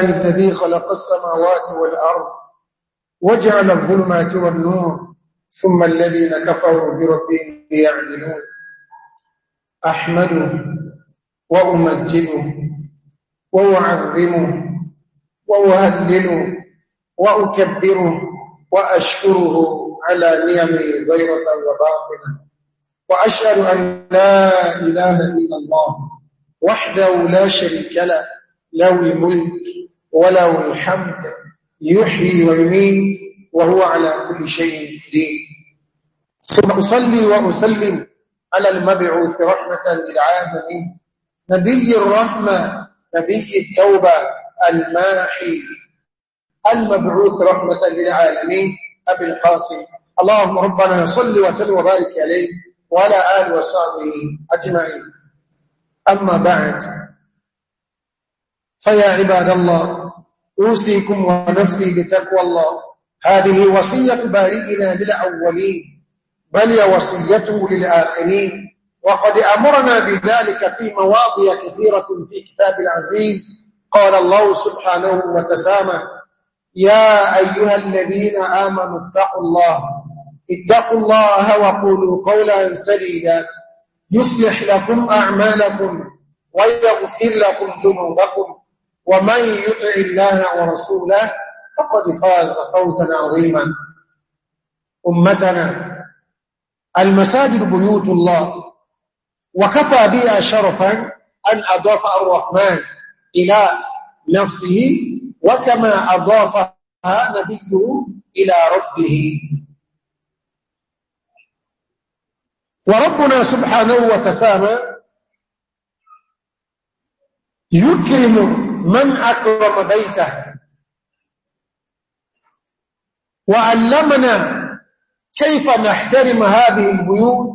الذي خلق السماوات والأرض وجعل الظلمات والنور ثم الذين كفروا بربهم يعدلون أحمده وأمجده وأعظمه وأهلله وأكبره وأشكره على نعمه ضيرة وباطنة وأشهد أن لا إله إلا الله وحده لا شريك له له الملك وله الحمد يحيي ويميت وهو على كل شيء قدير ثم أصلي وأسلم على المبعوث رحمة للعالمين نبي الرحمة نبي التوبة الماحي المبعوث رحمة للعالمين أبي القاسم اللهم ربنا صل وسلم وبارك عليه وعلى آل وصحبه أجمعين أما بعد فيا عباد الله أوصيكم ونفسي بتقوى الله هذه وصية بارئنا للأولين بل وصيته للآخرين وقد أمرنا بذلك في مواضع كثيرة في كتاب العزيز قال الله سبحانه وتسامى يا أيها الذين آمنوا اتقوا الله اتقوا الله وقولوا قولا سليلا يصلح لكم أعمالكم ويغفر لكم ذنوبكم ومن يطع الله ورسوله فقد فاز فوزا عظيما أمتنا المساجد بيوت الله وكفى بها شرفا أن أضاف الرحمن إلى نفسه وكما أضافها نبيه إلى ربه وربنا سبحانه وتسامى يكرم من أكرم بيته وعلمنا كيف نحترم هذه البيوت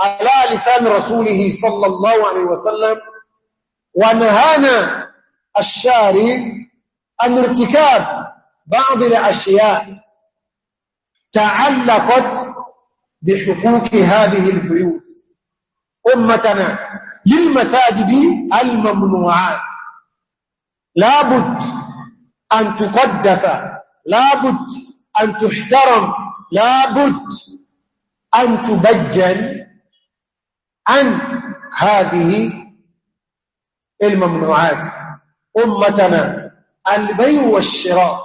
على لسان رسوله صلى الله عليه وسلم ونهانا الشاري عن ارتكاب بعض الأشياء تعلقت بحقوق هذه البيوت أمتنا للمساجد الممنوعات لابد أن تقدس لابد أن تحترم لابد أن تبجل عن هذه الممنوعات أمتنا البيع والشراء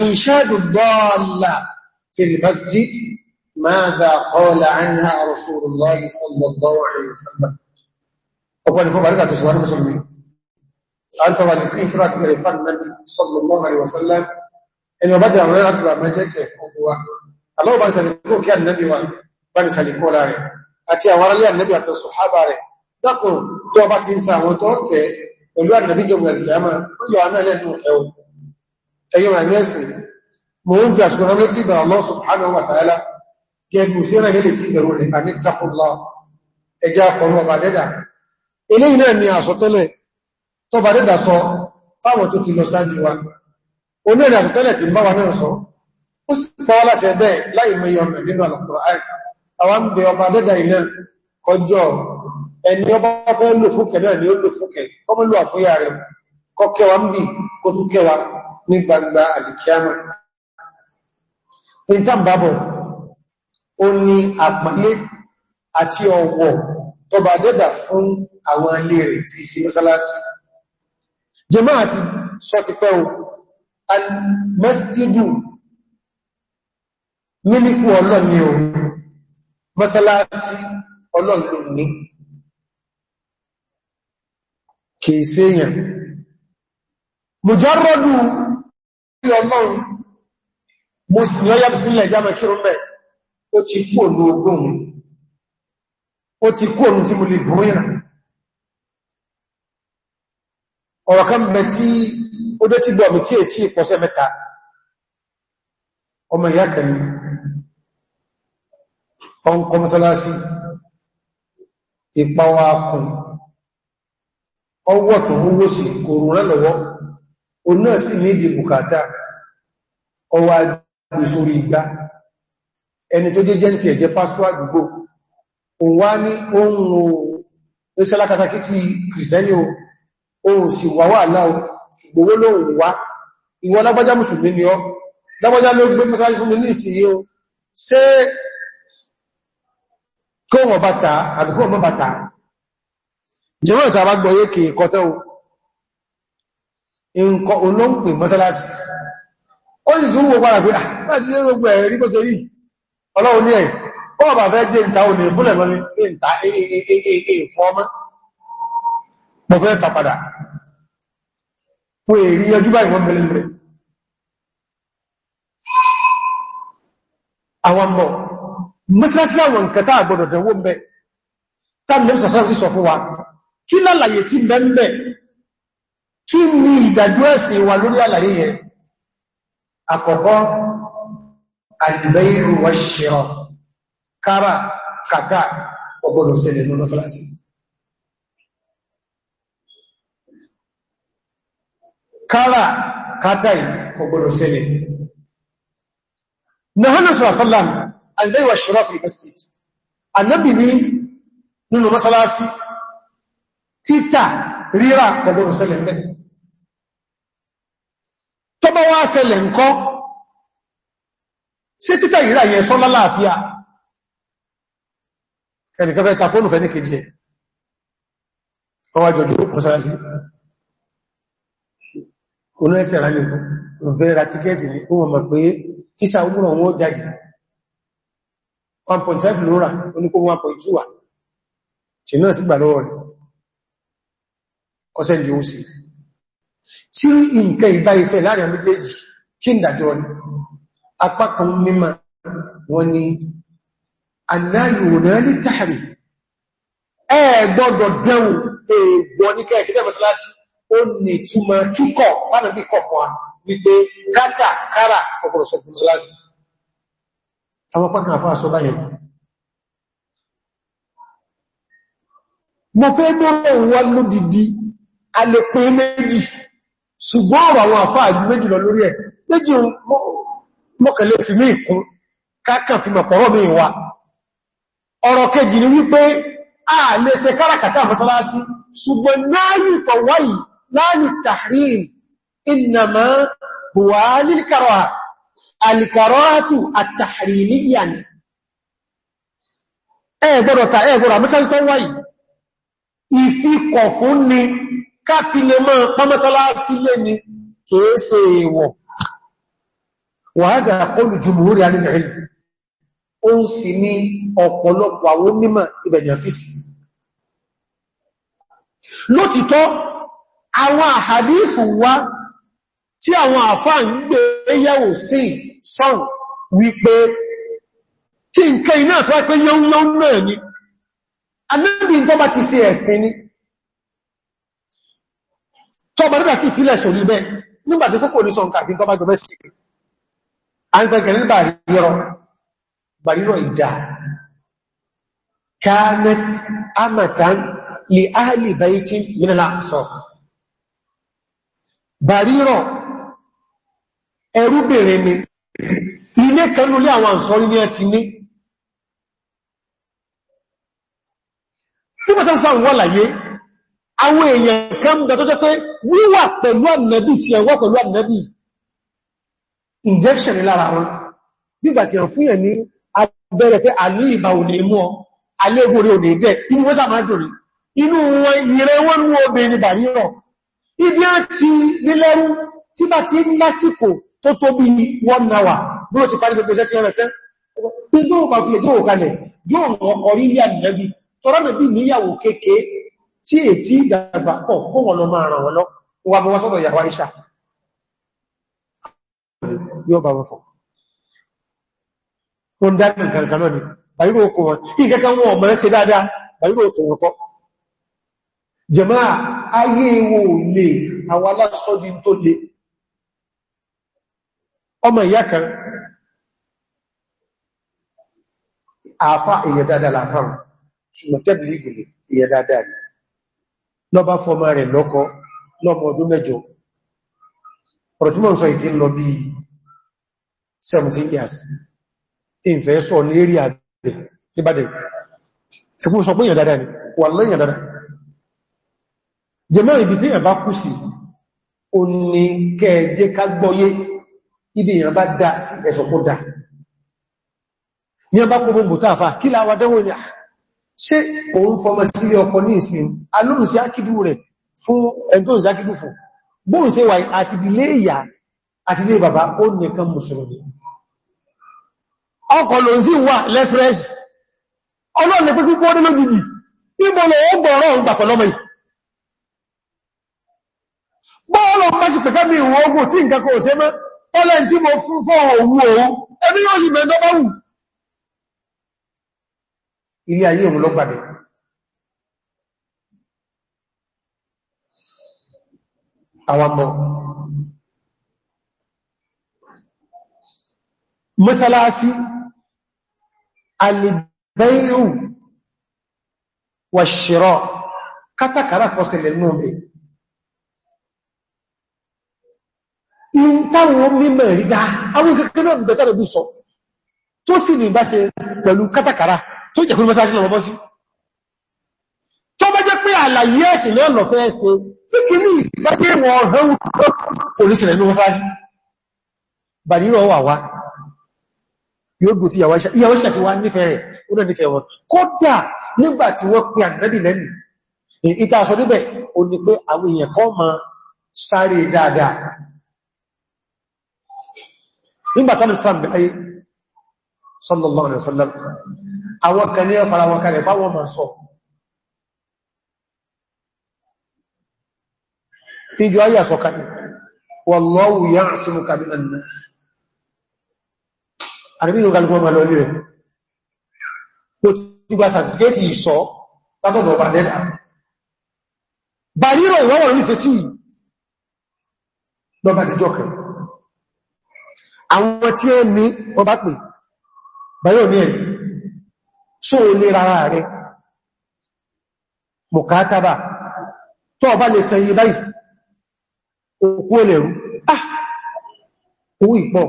وإنشاد الضالة في المسجد ماذا قال عنها رسول الله صلى الله عليه وسلم أقول لكم بركة مسلمين أنت وعلى فرات مريفان النبي صلى الله عليه وسلم إنه بدأ من أكبر ما جاك هو الله بان سلكو كان النبي بان سلكو لاري أتي أورا لي النبي أتي الصحابة لاري دقوا توبة تنسى وتوكي ولو النبي يوم القيامة ويو أنا لأنه كيو أيها الناس مهم في أسكنا نتيب الله سبحانه وتعالى كيف مسيرا يلي تيبروني أن اتقوا الله إجاكم وبعد ذلك إلينا أني أصطلق tọba dédà sọ fáwọn tó ti lọ sáájú wa onírin àsìtẹ́lẹ̀ ti bá wa náà sọ ó sì fọ́wọ́ láti ẹ̀bẹ́ láì mẹ́yẹ ọmọ nínú Al-Qur'an àwọn ń bẹ ọba dédà iná kọjọ ẹni ọba ni ó lò fúnkẹ̀ kọmọ lò àfúyà rẹ̀ kọ kẹwa ń bì ní gbangba àdìkíámà ìtàbàbọ̀ ó ní àpàlé àti ọ̀wọ̀ tọba dédà fún àwọn ilé rẹ̀ tí í ṣe jẹmáà ti sọ ti pẹ́ o al-masjidu mímíkú ọlọ́ni o mọ́sálásí ọlọ́lọ́ni kìí sí èyàn mùjárọ́dù ọlọ́run mùsùlùmí ọyá bìsílẹ̀ ìjámẹ́ kírún ó ti kú ònú ogún ó ti kú ònú tí mo lè búrú ọ̀rọ̀ kan bẹ tí ó dé tí gbọ́mí tí è tí ìpọ̀sẹ̀ mẹ́ta ọmọ ìyá kẹni ọkọ̀ mọ́sálásí ìpawà kùn ọwọ́ tó rúgbó sí kòrónà lọ́wọ́ o náà sì ní ìdí bùkátà ọwọ́ agbèsórí ìgbà ẹni tó jẹ́ jẹ́ntì ẹ̀jẹ́ pásítọ̀ àdúgbò òun wá ní ohun ìṣẹ́lákatakí kìrìsẹ́ni ohun ohun sì wà wà láò sì gbogbo wá ìwọ lágbàjá mùsùlùmí ni ọ lágbàjá ló gbé mọ́sánásí fún mi ní ìsìnyí o ṣe kóhùn bàtà àbíkó mọ́ bàtà ìta bá gbọ́ yékè kọtẹ́ o nǹkan ó sì tún pé jẹ́ mo fẹ́ tàpadà wọ́n èrí ẹjú báyìí wọ́n bẹ̀lẹ̀ rẹ̀ àwọn mọ̀ mẹ́sílẹ́sílẹ́ àwọn ǹkẹta àgbọ̀dọ̀ dẹ̀wó mẹ́ tàbí sọ̀sán sí sọ fún wa kí lálàyé tí mẹ́mẹ́ kí ni ìdájú ẹ̀sìn wa lórí àlàyé yẹn àkọ́kọ́ al-bay'u wash-shira' kára kàtà ọgbọ̀dọ̀ sẹlẹ̀ lọ́nà fẹ́lásìí kára kátàí kò gbọdọ̀ ṣẹlẹ̀. Nahannan Sulasallam, Albai wa Shirafin Estate, annabi ni nínú masalasi, títà ríra kò gbọdọ̀ ṣẹlẹ̀ mẹ́. Tọ́bọ̀ wá ṣẹlẹ̀ ńkọ́, sí títà ríra yẹn sọ lálàáfíà, ẹnìkan fẹ́ ta fóònù fẹ́ ní kejì ẹ̀. Ọwájọ́jú, masalasi onú ẹsẹ̀ rẹ̀ ní ọ̀fẹ́ ra tíkẹ́ẹ̀tì ní ó wọ́n mọ̀ pé kísà ogúnrọ̀ wọ́n jáde 1.5 lóra oníkó 1.2 wà tí náà sí gbàlọ́wọ́ rẹ̀ ọsẹ́ ìdí ó sì tí nǹkan ìbá iṣẹ́ láàrin méjèèjì kí dẹ̀wò èèwọ̀ ní kẹ́ẹ̀sì kẹ́ẹ̀mọ́sílásí ó ní túnmọ̀ kíkọ̀ pánàbí kọ̀ fún wa wípé kátà kárà ọkùnrin sọ̀tún síláàsì àwọn pákan àfáà sọ báyẹ̀ mo fẹ́ mọ́rọ̀ wọ́n lódìdí alẹ́pẹ́ méjì ṣùgbọ́n ọ̀rọ̀ àwọn àfáà ju méjì lọ lórí ẹ̀ méjì mọ́kànlẹ̀ fi mí ìkún káàkàn fi mọ̀pọ̀rọ̀ mi wà ọ̀rọ̀ kejì ni wípé a lè ṣe káràkátà mọ́sálásí ṣùgbọ́n náà yìí tọ̀wọ́ yìí لا للتحريم إنما هو للكراهة الكراهة التحريمية ẹ gbọ́dọ̀ ta ẹ gbọ́dọ̀ àmúsáàsì tó wáyìí ìfikọ̀ fún ni káfílẹ̀ máa pọ́mọ́sálásí lé ni kìí ṣe èèwọ̀ wàhádà kọlù jùmúrí alìrìn ó ń sì ní ọ̀pọ̀lọpọ̀ àwọn onímọ̀ ìbẹ̀yàn fíìsì lótìtọ́ àwọn àhàdífù wá tí àwọn àfá ń gbé yẹ̀wò sí sọ́n wípé kí nkẹ́ iná tó wá yóò yóò náà ni anábì tó bá ti ṣe ẹ̀sìn ni tó bá nígbà sí ìfilẹ̀ sórí bẹ́ nígbàtí kókò ní sọ́nkà kí tó bá gbẹ̀mẹ́ amatan li ahli baitin min al-ansar bàrírọ̀ ẹrúbìnrin ni ilé kanúlé àwọn àǹsọ́rí ní ẹ ti ní nígbàtà sáà wọ́n láyé àwọn èèyàn kan bẹ̀ tó jẹ́ pé wíwà pẹ̀lú ànẹ́bì ti ẹ̀wọ́ pẹ̀lú ànẹ́bì injection lára wọn nígbàtí ẹ̀ fún ẹ̀ ní abẹ́rẹ́ pé àlú ìbà ò ní mú ọ alégórí ò ní dẹ̀ ibi á ti nílẹ́rú tí bá ti lásìkò tó tó bí one hour bí ó ti parí gbogbo iṣẹ́ tí ó rẹ̀ tẹ́ pé tó bá fi ètò òkalẹ̀ yóò wọ́n kọrí ilé ànìyànbí tọ́rọ̀ mẹ́bí níyàwó kéèké tí ètí ìdàgbà pọ̀ kó wọn lọ máa ràn wọn lọ wà bọ́ wọ́n sọ́dọ̀ yàwá iṣà yóò bá wọn fọ́ ó ń dá nǹkan kan náà ni bàyíró ọmọ ẹ́ dáadáa bàyíró okò wọn jẹmáà ayé wo lè àwọn alásọ́dí tó lè ọmọ ìyá kan àfá èyẹ dáadáa láfáà ṣùgbọ́n tẹ́bìlì ìgbìlẹ̀ èyẹ dáadáa ni lọ bá fọmọ rẹ̀ lọ́kọ lọ́mọ ọdún mẹ́jọ ọ̀rọ̀ sọ ìtí lọ bí 17 years ìfẹ́ sọ ní èrì àgbẹ̀ níbàdẹ̀ ṣùgbọ́n sọ pé èyẹ dáadáa ni wà lẹ́yìn dáadáa jẹmọ́ ibi tí ìyàn bá kú sí o ní kẹ́ẹ̀jẹ́ ká gbọ́yé ibi ìyàn bá dá sí ẹ̀sọ̀ kó dá ní ọba kó bó mọ̀tá àfà kí láwà dánwò ní ṣe òun fọmọ sí ọkọ̀ ní ìsìn alóhùn sí ákìdú rẹ̀ fún ẹ̀dọ́n sí ákìdú fún bóhùn sí wà àti ilé ìyá àti ilé bàbá ó nìkan mùsùlùmí ọkọ̀ ló ń sí wà lẹ́sìrẹ́sì ọlọ́run kíkọ́ ní lójijì níbo lọ ó ń gbàpọ̀ yìí bọ́ọ̀lọ̀ pàṣì pẹ̀kẹ́ mi ìwọ̀n ogun tí nǹkan kò ṣe mọ́ ọlẹ́ tí mo fún fún òwú òun ẹbí yóò sì mẹ́ndọ́ bá wù ilé ayé òun lọ́gbàdẹ̀ àwàmọ̀ mọ́sálásí alìbẹ́yìn wàṣírọ̀ kátàkárà kọsẹ̀lẹ̀ náà bẹ̀rẹ̀ in táwọn mímọ̀ rí dáa àwọn kẹ́kẹ́ náà bẹ̀tà rẹ̀ bí sọ tó sì ní bá ṣe pẹ̀lú kátàkàrà tó jẹ́ pé mọ́sálásí lọ bọ́ sí tó bá jẹ́ pé àlàyé ẹ̀sìn náà lọ fẹ́ ṣe tí kì ní ìgbẹ́gbẹ́ wọn ọ̀rẹ́ polisi rẹ̀ ní mọ́sálásí bàrírọ̀ wà wá yóò gbò tí ìyàwó ṣe àti wá nífẹ́ rẹ̀ ó náà nífẹ́ wọn kódà nígbà tí wọ́n pe ànẹ́bì ìta àṣọ níbẹ̀ ó ní pé àwọn èèyàn kọ́ ma sáré dáadáa nígbàtà ní sàm bẹ̀ẹ́ sallallahu alaihi wasallam àwọn kan ní ọ̀fàra wọn kalẹ̀ bá wọn ma sọ ìjọ ayé àsọkalẹ̀ wallahu ya'simuka minan nas àríbínú galgbọ́n ma lọ lè tó ti gba àwọn tí ẹ ní wọ́n bá pè báyọ̀ ní ẹ̀ só lè rárá rẹ̀ mọ̀kátàbà tó ọba lè sẹ́yìn báyìí òkú ẹlẹ̀rú ah owó ìpọ̀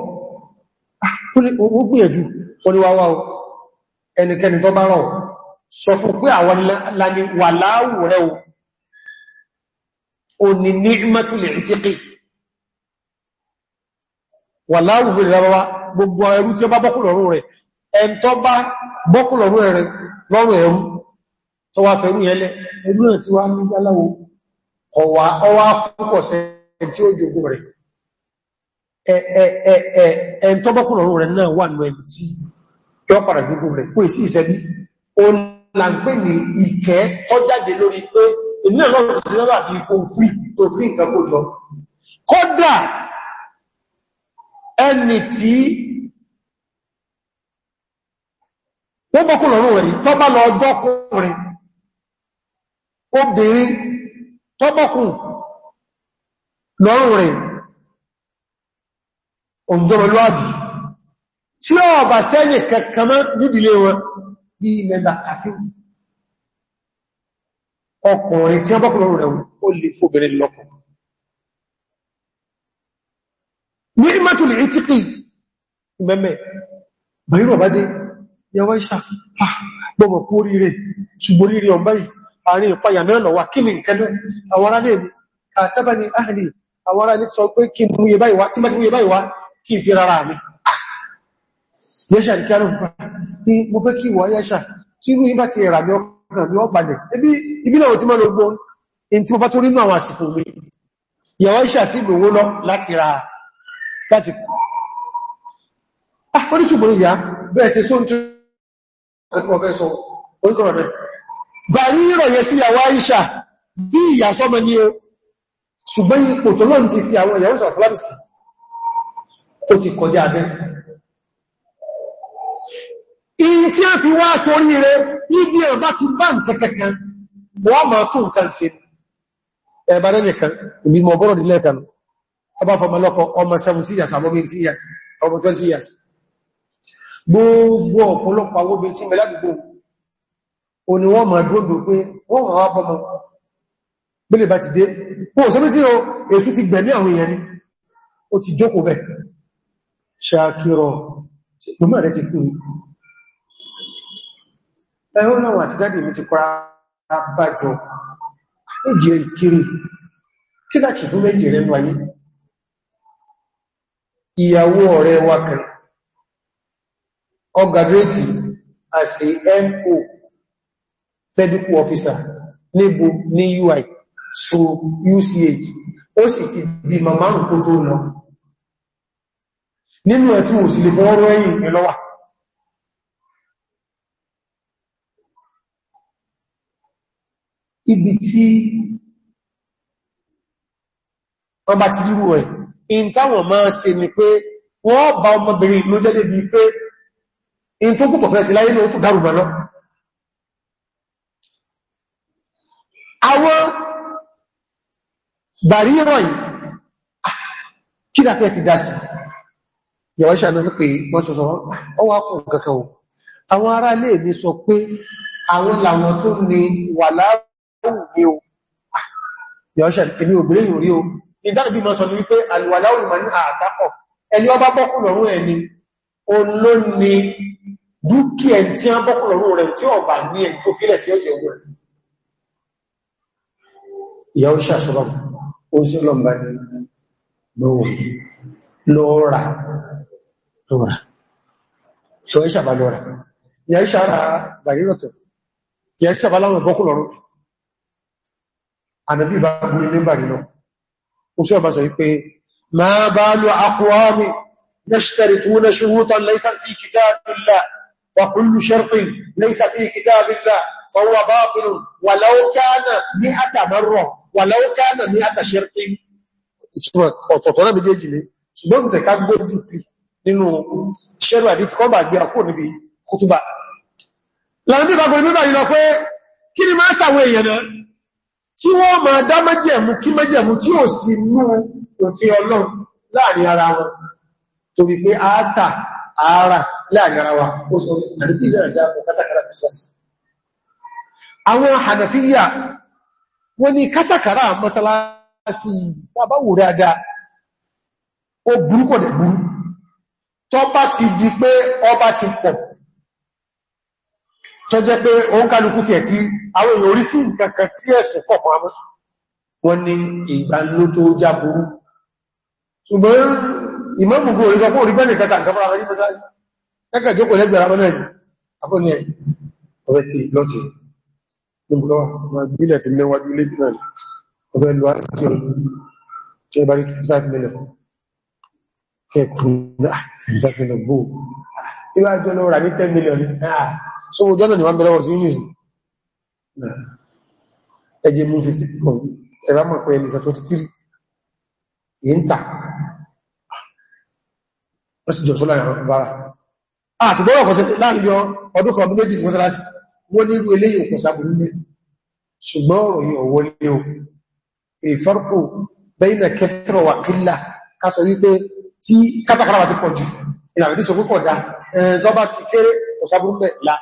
owó ah! gbìyànjú oníwáwá tó bá rọ̀ sọ fún pé àwọn lani wà láàwù rẹ̀ o ni ní ìmẹ́tù lè rí wà láàrùn lórí lọ́wọ́ gbogbo ẹrú tí ó bá bọ́kùlọ̀rún rẹ̀ ẹn tó bá bọ́kùlọ̀rún rẹ̀ lọ́rùn ẹrú tó wá fẹ̀rú yẹlẹ̀ ẹrú náà tí wá ní aláwọ̀ ọwá púpọ̀ sẹ tí ó jogun rẹ̀ ẹn tó bọ́kùlọ̀rún rẹ̀ náà wà nù ẹni tí yọ padà jogun rẹ̀ pé sí ìṣẹ́bí ó là ní ìkẹ́ tó lórí pé ìnáà lọ́rùn sí lọ́rùn àbí ikú fún ìtòfin jọ kódà ẹni tí wọ́n bọ́kù lọ́rùn rẹ̀ tó bá lọ ọjọ́kùnrin obìnrin tó bọ́kù lọ́rùn rẹ̀ òǹjọmọlúwàbí tí ó bá sẹ́yìn kẹkẹmọ́ nídìlé wọn bí mẹ́ta àti ọkùnrin tí wọ́n bọ́kù lọ́rùn rẹ̀ ó lè fóbìnrin lọ́kùnrin ní ìmẹ́tù lè tíkì mẹ́mẹ́ bàírò bá dé yàwó ìṣà gbọ́mọ̀ kú oríire ṣùgbọ́n oríire ọmọ yìí àárín ìpayà náà lọ́wà kí ni nkẹ́lẹ́ àwọn ará lè kàtàbà ní ahìlì àwọn ará lè sọ pé kí mú yẹ báyìí wá tí mẹ́tí mú ah! ibi náà tí mọ́ lọ gbọ́n in tí mo bá tó nínú ìgbòwó lọ láti ra láti oríṣùgbọ́n ah, ìyá bẹ́ẹ̀ ṣe sóhun tí ọkọ̀ ọ̀fẹ́ sọ oríkọ̀rọ̀ rẹ̀ bà ní ìrọ̀yẹ sí àwọ́ àìṣà bí ìyà sọ́mọ ní o ṣùgbọ́n ipò tó lóòrùn ti fi àwọn ìyàwó sàlámìsì ó ti kọjá abẹ́ in tí a fi wá sórí rẹ̀ níbi ọ̀bá ti bá nkẹ́kẹ́kan wọ́n máa tún kan sí ẹ̀bá rẹ̀ nìkan ìbí mọ̀ bọ́rọ̀ nílẹ̀ kan ọba fọmọlọ́kọ ọmọ 17 years àmọ́ 20 years ọmọ 20 years gbogbo ọ̀pọ̀lọpọ̀ àwọn obìnrin tí mẹ́lágbogbo o ni wọ́n máa dúró pé wọ́n wọ́n bọ́mọ gbílẹ̀ bá ti dé pọ̀ sọ́bí tí o èsù ti gbẹ̀mí àwọn èèyàn ni ó ti jókòó bẹ̀ ṣàkírọ̀ mọ́mọ́ rẹ̀ ti kúrò kiri kí láti fún méjì rẹ̀ ìyàwó ọ̀rẹ́ wa kan ó graduate MO medical officer níbo ní UI so UCH ó sì ti di màmá ǹkó tó lọ nínú ẹ̀tí ò sì lè fọwọ́rọ́ ẹ̀yìn ibi tí ọba ti ẹ̀ in táwọn máa ṣe ni pé wọ́n bá ọmọbìnrin ló jẹ́ débi pé in tó kùtọ̀ fẹ́ sí láyé ní ó tún dárùmọ̀ náà àwọn bàrí rọ̀yìn kí dá fẹ́ ti dá sí yàwó ṣe àmì pé wọ́n sọ sọ́rọ̀ ọwá kùn àwọn ará ilé mi sọ pé àwọn làwọn tó ní wà láàrùn ní o yàwó ṣe àmì ìdánàbí mọ́ sọ ní wípé alìwàláwùn mọ̀ ní àtàkọ̀ ẹni ọba bọ́kù lọ́rún ẹni olóni dúkìá tí a bọ́kù lọ́rún rẹ̀ tí ọba ní ẹni tó fílẹ̀ tí ó jẹ owó rẹ̀ ìyàwó ṣàṣọ́rọ̀ ó sí lọ́mbà ní lọ́wọ́ lọ́ra وشو ما سيبقى ما بال أقوام يشترطون شروطا ليس في كتاب الله فكل شرط ليس في كتاب الله فهو باطل ولو كان مئة مرة ولو كان مئة شرط ọ̀tọ̀tọ̀lá méjèèjì lé ṣùgbọ́n ìfẹ́ ká gbọ́ dìpì nínú ṣẹ́rù àdíkì kọ́ bà gbé àkúrò níbi kútúbà. láàrín bá gbọ́ ìlú bá yìí lọ pé tí wọ́n máa dá májẹ̀mú kí májẹ̀mú tí ò sí inú òfin ọlọ́run láàrin ara wọn tó wí pé àátà ara láàrin ara wa ó sọ àríkí náà dáàbò kátàkárà tó sọ́sì àwọn Hanafiya wọ́n ní kátàkárà mọ́sálásí bàbáwò dáadáa ó burúkọ̀ dẹ̀ burú tọ́ bá ti di pé ọba ti pọ̀ tó jẹ́ pé òun kálukú ti ẹ̀ tí àwọn èèyàn orí sí nǹkankan tí ẹ̀sìn pọ̀ fún amọ́ wọ́n ní ìgbà ló tó jáburú ṣùgbọ́n ìmọ́mùgbò orí sọpọ̀ orí bẹ́ẹ̀lì kẹta nǹkan fara rí mẹ́sáàsì kẹ́kẹ̀ jókòó lẹ́gbẹ̀rẹ̀ amọ́ náà afọ́ni ẹ̀ ọ̀fẹ́ ti lọ́tì níbùlọ́wà máa gbílẹ̀ ti mẹ́wàjú lé náà ọ̀fẹ́ lọ àti ọ̀rọ̀ tí ó bá rí so mo ni wọ́n bẹ̀rẹ̀ wọ́n sí yìí ẹgbẹ̀ mú 50 kan ẹ̀rá mọ̀ pé ẹlẹ́sà 23 yìí ń tà ó sì jọ sólà ìrànbára àti bọ́rọ̀ kọ̀sẹ̀ láàrin yọ ọdún kan ọdún méjì mọ́sálásí wọ́n ní irú eléyìí òkùn sábùrú ní ṣùgbọ́n ọ̀rọ̀ yìí ọ̀wọ́ ní o ìfọ́rùkù bẹ́yìnà kẹfẹ́rọ̀ wà kílà kásọ wípé tí kátàkárà wà ti pọ̀ jù ìlànà ìdíṣọ́ púpọ̀ dá ẹ̀ẹ́dọ́bá ti kéré ọ̀sábùrú láà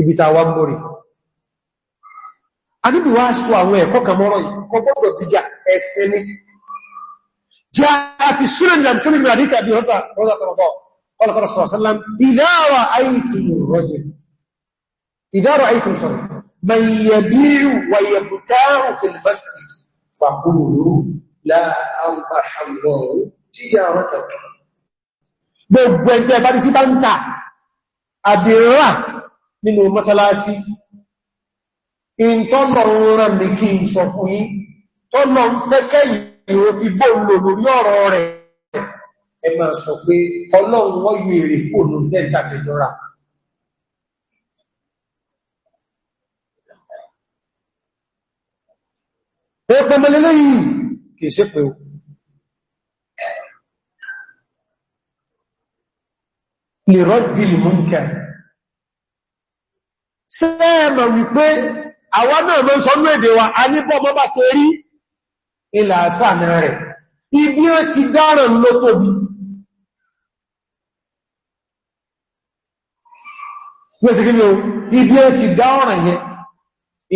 ibi tàwa mọ́rí. A níbi wá sọ àwọn ẹ̀kọ́ kan mọ́rọ̀ yìí, kọ gbọ́gbọ̀ jíjà ẹsẹ ní. Jẹ́ a fi súnà ní àmì tóbi àdíkà bí ọ̀tà rọ́dà tọ̀rọ̀bọ̀, ọlọ́kọ̀rọ̀ sọ̀rọ̀ sálám, ìdára àìtùn rọ́jì. Ìdára àìtùn sọ̀rọ̀, man yabiu wa Gbogbo ẹjẹ́ bá ti bá ń ta, àbírà nínú mọ́sálásí in tọ́lọ̀ rán ní kí n sọ fún yín tọ́lọ̀ ń fẹ́ kẹ́yìn o fi bóòlò lórí ọ̀rọ̀ rẹ̀ ẹ ma sọ pé ọlọ́run wọ́n yìí èrè kòlò lẹ́ta kẹjọra ó ṣe ẹ̀mọ̀ wípé àwa náà ló ń sọ ní èdè wa a ní bọ́mọ́ bá ṣe rí ilà àṣàmì rẹ̀ ibi ó ti dáràn ló tóbi ibi ó ti dáràn yẹ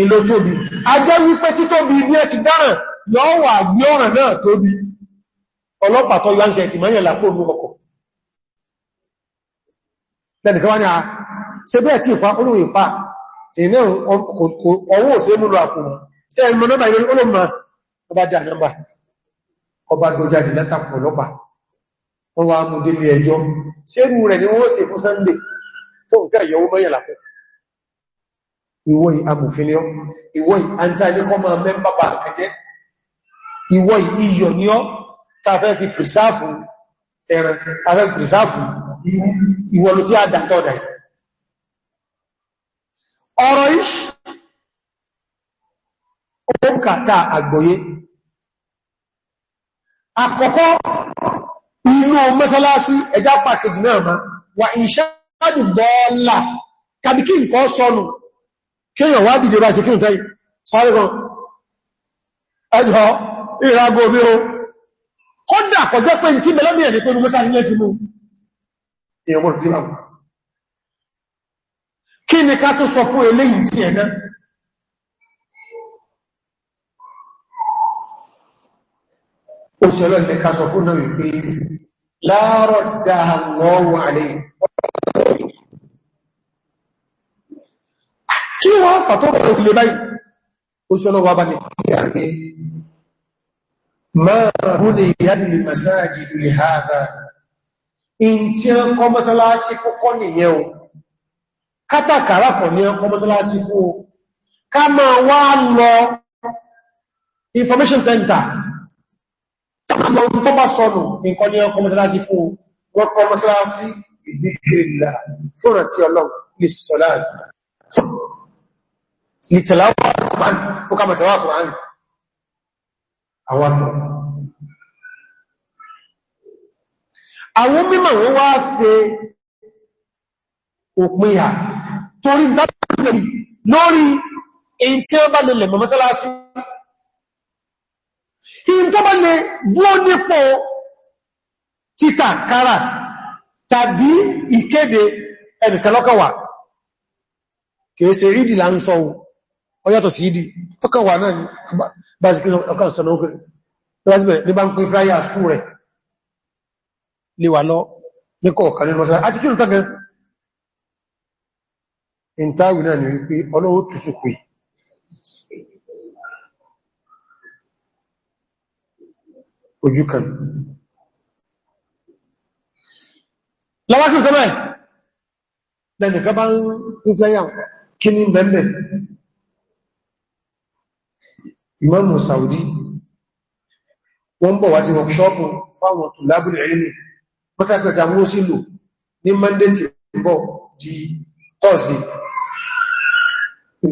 ìlò tóbi a jẹ́ wípé títóbi ibi ó ti dáràn yọ́ wà gbí ọ̀ràn náà tóbi ọlọ́pàá tó yọ́ ń ṣe ẹ̀tì mọ́yẹ̀ lápò ní ọkọ̀ ah, ṣe bẹ́ẹ̀ tí ìpa olóhùn ìpa ìní ọwọ́ òṣè múlò àpò ṣe ẹmọ nọ́bà ìwé olóòmà ọba dà nọ́bà ọba dọjáde látàkù ọlọ́pàá wọ́n wá mú délé ẹjọ́ ṣérù rẹ̀ ni wọ́n sì fún Sunday tó ń fẹ́ yọwó mẹ́yànlá pẹ́ ìwọ́ amòfiniọ́ ìwọ́ antanikọ́mọ mẹ́mbàbà kẹjẹ́ ìwọ́ iyọ̀ ní ọ́ tàfẹ́ fi pìrìsáàfù ẹran tàfẹ́ pìrìsáàfù tí a dàtọ̀ dàí ọ̀rọ̀ iṣ ó kàtà àkọ́kọ́ inú mẹ́sálásí ẹjá pàkèjì náà ma wà ìṣẹ́dù bọ́ọ̀lá tàbí kí nǹkan sọnù kíyàn wá dìde bá ìsìnkú tẹ́ sáré ẹjọ́ ìràgbò mi o kọ́dà kọjọ́ pé tí kí ni ká tó sọ fún eléyìí tí ẹ̀nà òṣèlọ́ ilẹ̀ ká sọ fún náà wípé láàárọ̀ dáhàlọ́wọ̀ àlẹ́ kí wọ́n fàtọ́ pẹ̀lú ilé báyìí òṣèlọ́ wà bá ní àrẹ́ máa rú ní ìyázìlì masáàjì ìdúlé háàdá in tí ó kọ́ mọ́sálásí kọ́kọ́ nìyẹn kátàkàrà pọ̀ ní ọkọ̀ mọ́sálásí fún o ká máa wá lọ information center tàbí ọdún tó bá sọ́nù nǹkan ní ọkọ̀ mọ́sálásí fún o wọ́n kọ́ mọ́sálásí ìdíkìrìlà fún àti ọlọ́run lè sọ́lá àwọn mímọ̀ wọ́n wá ṣe òpin àà torí dákùnrin lórí èyí tí ó bá lè lè mọ́mọ́sálásí in tó bá lè dúó nípò títà kára tàbí ìkéde ẹnìkan lọ́kànwà kìí ṣe rídì là ń sọ ọyọ́tọ̀ sí ìdí ọkànwà náà ni básíkí ọkàn sọ lókèrè lásìbẹ̀ ní bá ń pín fráyà skú rẹ̀ ìntáwì náà ni wípé ọlọ́wọ́ tùsùkú ojú kan lọ́wọ́kí ìtọ́bẹ̀ lẹ́nìkan bá ń fẹ́yà kí ní bẹ̀m̀bẹ̀ ìmámù Saudi wọ́n bọ̀ wá sí wọ́kṣọ́pù fáwọn tùlábùlì ilmi mọ́sílẹ̀ àti àmúsílò ní mandate bọ̀ di Thursday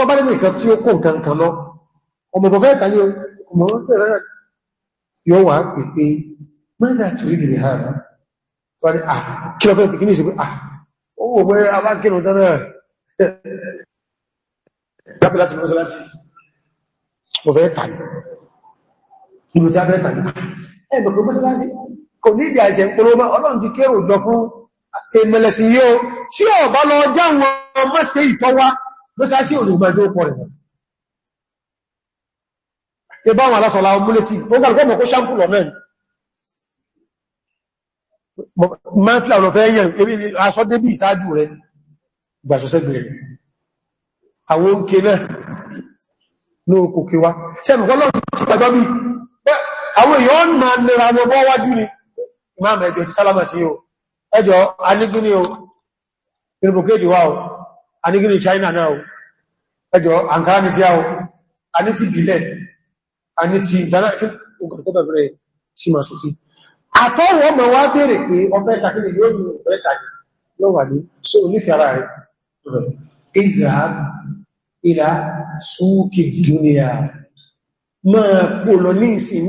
tó bá nínú ìkan tí ó kó nǹkan kan lọ ọmọ bọ̀fẹ́ ìta ní ọmọ ọ̀sẹ̀ rẹ̀ yóò wà pè pé mẹ́rin àtúrí dìrì hàrá fari à kí lọ fẹ́ kìí ní ìsìnkú à owó pé abákínú tánà gbápẹ́ láti mọ́sálásí bọ̀fẹ́ ìta ní ìlú tí a fẹ́ kò ní ìdí àìsẹ̀ ìpolówó ọlọ́run ti kérò jọ fún èmẹ̀lẹ̀sìn yóò tí ọ̀ lọ jáwọn mọ́sẹ̀ ìtọ́wá mọ́sálásí ò ní gbàjọ́ ọkọ̀ rẹ̀ ẹbá wọn alásọ̀lá múlétí ó gbàgbọ́ mọ̀ kó ṣámpù lọ mẹ́rin máa fílà ọ̀nà fẹ́ yẹn ebí aṣọ́ débì ìsáájú rẹ̀ gbàṣọ́sẹ́ gbẹ̀rẹ̀ àwọn oúnkẹ náà ní okò kíwá sẹ́mùkọ́lọ́ anigiri China náà ẹjọ́ Ankara ní tí a o a ní ti bílẹ̀ a ní ti ìdáná kí ogun tó bẹ̀rẹ̀ sí máa sọ́tí àtọ́wọ̀ ọmọ wá bèèrè pé ọfẹ́ takílẹ̀ yóò ní ọfẹ́ takí yóò wà ní sí onífẹ́ ara rẹ̀ ìgbà ìlà súnkì dúnìyà máa kó lọ ní ìsìn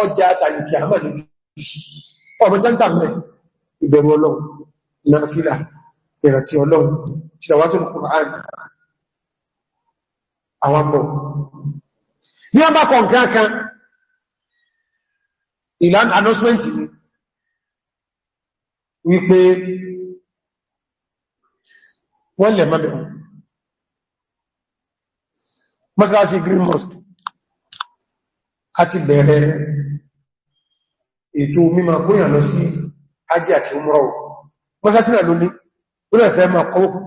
ọjà àtàlìkì àmà lójú ọmọ jẹ́ntà mẹ́ ìbẹ̀rù ọlọ́run náfílà ìrántí ọlọ́run tí a wá tó Kùránì àwọn mọ̀ ní ọba kọ̀ǹkankan ìlànà announcement ni wípé wọ́n lè mọ́bẹ̀ mọ́sálásí Green Mosque àti bẹ̀rẹ̀ ètò mímọ̀ kúrìyàn lọ sí hajji àti umrọ̀ mọ́sásínà ló ní ó lè fẹ́ máa kọwọ́ fún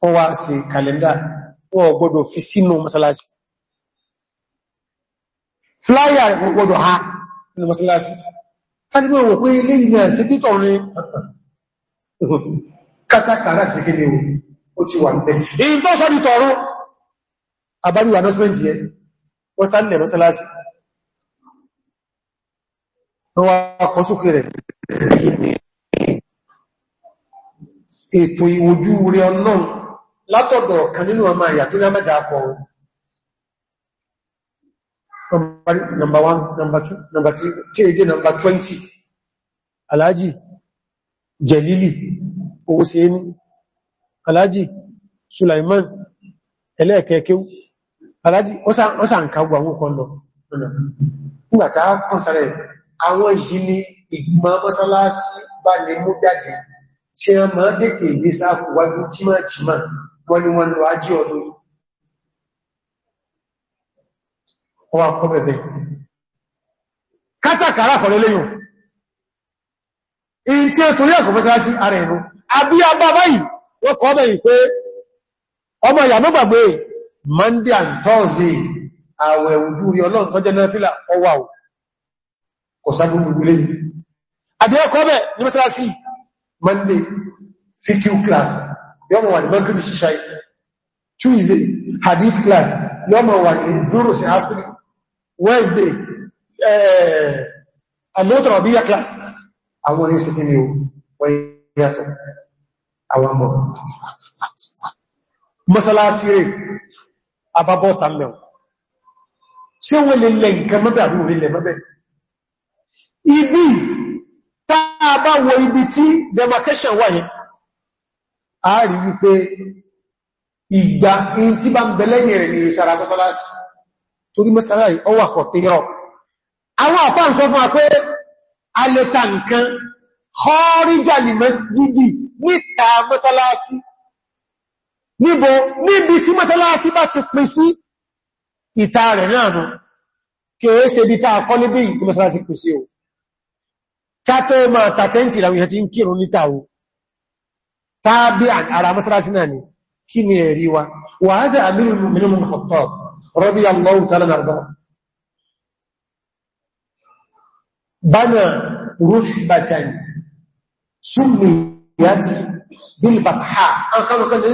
wọ́n wá sí kàlẹ́ndà wọ́n gbọ́dọ̀ fi sínú mọ́sálásí fláyà wọ́n gbọ́dọ̀ ha nínú mọ́sálásí tàbíwọ̀n wọ́n pé ilé ìrìn àti pítọ̀ ní ni ó wọ́n wá kọ sókè rẹ̀ ètò ìwòjú rí ọlọ́run látọ̀dọ̀ kan nínú ọmọ àyà tó ní àmẹ́dà akọ number one number two number three tí number twenty aláàjì jẹ̀lílì owó sí ẹni aláàjì Sulaiman ẹlẹ́ẹ̀kẹ́kẹ́ aláàjì ọ́sà ń kàgbà àwọn ọkọ̀ lọ nígbàtà kọ́nsàrẹ̀ àwọn yìí ni ìgbìmọ̀ mọ́sálásí bá ní mú jáde tí a máa dèkè ní sáfúwájú tímọ̀tímọ̀ wọ́n ni wọ́n lọ ají ọdún wọ́n akọ́ bẹ̀bẹ̀ kátàkàrà fọ̀lẹ́lẹ́yùn in tí a torí Monday and Thursday àwẹ̀ òjú rí ọlọ́run tọ́jẹ́ náà fílà ọwà ò ọ̀ságun gbogbo lè àbíẹ́kọ́ bẹ̀ ní mẹ́sàlásí monday fiqh class yọmọ wà ní maghrib ṣíṣáì tuesday hadith class yọmọ wà ní zoro sí asiri wednesday eh, amótọ̀ ọ̀bíyà class àwọn ní sí kíni wọ́n yàtọ̀ àwọn mọ̀ mẹ́sàlásí rẹ̀ àbábọ́ tàmẹ̀ ṣe wọ́n lè lẹ́ nǹkan ibi táa bá wo ibi tí demarcation wà yẹn a rí wípé ìgbà in tí bá ń bẹ lẹ́yìn rẹ̀ ní ìṣàrà mọ́sálásí torí mọ́sálásí ọwà kọ̀tẹ́rọ àwọn àfáà sọ fún wa pé alẹ́ta nǹkan kọ́ríjàlì mẹ́sìdì níta mọ́sálásí níbo níbi tí mọ́sálásí bá ti pín sí ìta rẹ̀ náà kèése bí táa kọ́ níbi ìgbọ́sálásí pín sí ohun kátó ma tàtẹ́ntì ìlànà ìyàtí ń kírùn níta o tàbí ara masarasi náà ni kí ni ẹ̀rí wa wà á dá àmìrì mìírànmù Khattab radiyallahu ta'ala nàrdọ́ bana ruhbatan summiyat bil batha an kanu kan ni